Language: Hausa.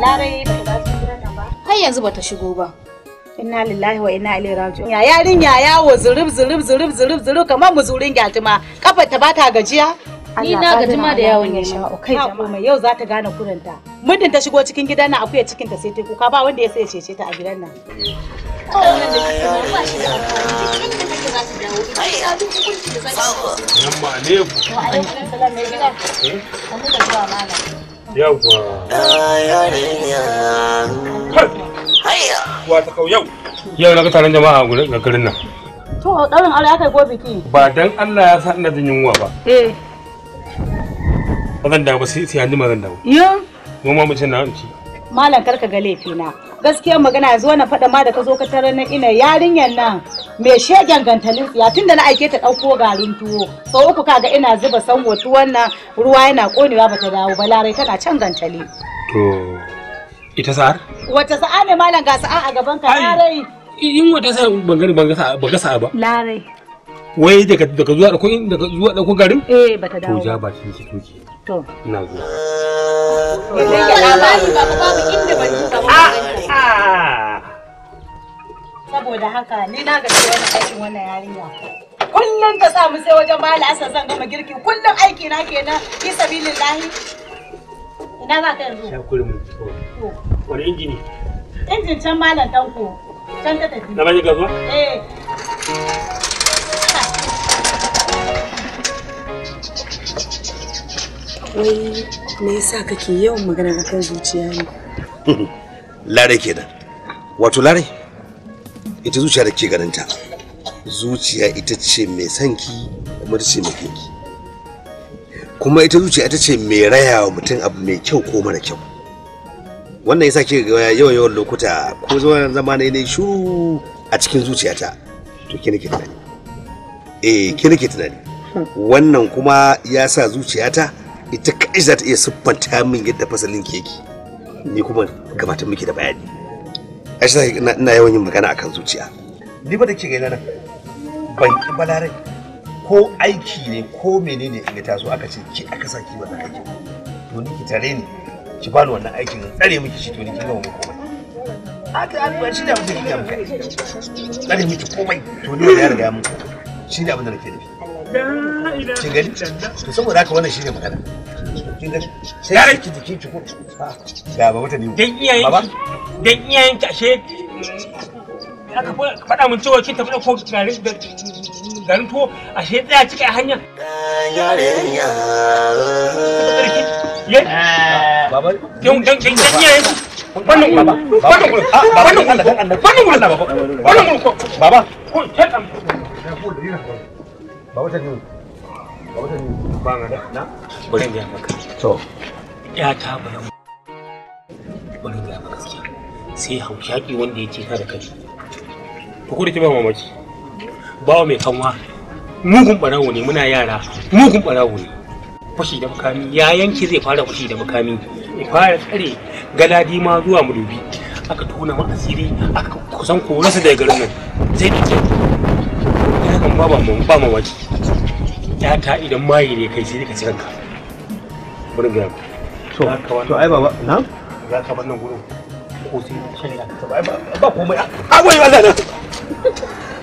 Larai ba ta nan ba. Har yanzu bata shigo ba. Inna lillahi wa inna ilaihi raji'un. Ya yarin yawo zurub zurub zurub zurub zurub kamar muzurin gyatuma. Kafar ta bata gajiya. Ni na gajima da yawon ya o kai jama'a. mai yau za ta gane kuranta. Muddin ta shigo cikin gidan nan akuya cikin ta sai ta kuka ba wanda ya sai cece ta a gidan nan. Yamma ne ku. Wa alaikum salam ne gida. Eh? Kamu da zuwa malam. Yawwa. Wata kau yau. Yau na ga taron jama'a a garin nan. To ɗaurin ya kai gobe ki Ba dan Allah ya sa ina jin yunwa ba. Eh. Ba zan dawo ba sai hannu ma zan dawo. Yo. Mu ma na ci. Malam karka ga laifi na. Gaskiya magana zo na faɗa ma da ka zo ka tarar na ina yarinyar nan. Mai shegen gantalin tsiya tunda na aike ta ɗauko garin tuwo sau uku kaga ina zuba san tuwon wannan ruwa yana konewa ta dawo ba larai tana can gantali to ita sa'ar wata sa'a ne malam ga sa'a a gaban ka larai in wata sa'a ban gani ban ga sa'a ba larai wai daga daga zuwa da daga zuwa da garin eh ta dawo to ja bakin ki to ina zuwa idan ya labari ba da haka ni na gaji wannan aikin wannan yarinya kullum ta sa mu sai wajen bayan asar zan gama girki kullum aiki na kenan fi sabilillahi ina za ka yanzu shakurin mu wani injini injin can malam tanko can ta tafi na baje gazuwa eh wai me yasa kake yawan magana akan zuciya ne lare kenan wato lare ita zuciya da ke ganinta zuciya ita ce mai sanki kuma ta ce mai kinki kuma ita zuciya ita ce mai raya wa mutum abu mai kyau ko mara kyau wannan yasa ke ga yawan yawan lokuta ko zaman zama ne ne shu a cikin zuciyata to ke nake tunani eh ke nake tunani wannan kuma ya sa zuciyata ita kai za ta iya siffanta min yadda fasalin keke ni kuma gabatar miki da bayani kashi ina yawan yin magana akan zuciya ni ba da ke gaina nan ban ki balare ko aiki ne ko menene ne ta taso aka ce ki aka saki wannan aiki to ni ki tare ni ki bani wannan aikin in tsare miki shi to ni ki gama mu komai aka albashi da mutum ki gama kai tsare miki komai to ni ya riga mun shi abin da nake nufi kin gani to saboda haka wannan shi magana kin gani sai ki jiki ki ko ga ba mata ne dan iyayen dan iyayen ki ashe aka faɗa mun cewa kin tafi da ko tunanin da garin tuwo ashe tsaya cika a hanya Baba, kin kin kin baba wannan baba baba baba bari gaya maka to ya ta bari bari gaya maka gaskiya sai haushaki wanda ya ce ka da kai ku da ki ba mamaki bawa mai kanwa mugun barawo ne muna yara mugun barawo ne fashi da makami ya yanke zai fara fashi da makami ya fara tsare galadi ma zuwa mulubi aka tona ma asiri aka kusan korarsa daga garin nan zai da amma ba mu ba mamaki yata idan maye ne kai sai ka ci kanka to ai baba na za ka bar gurin ko sai shan ya ka ba komai a na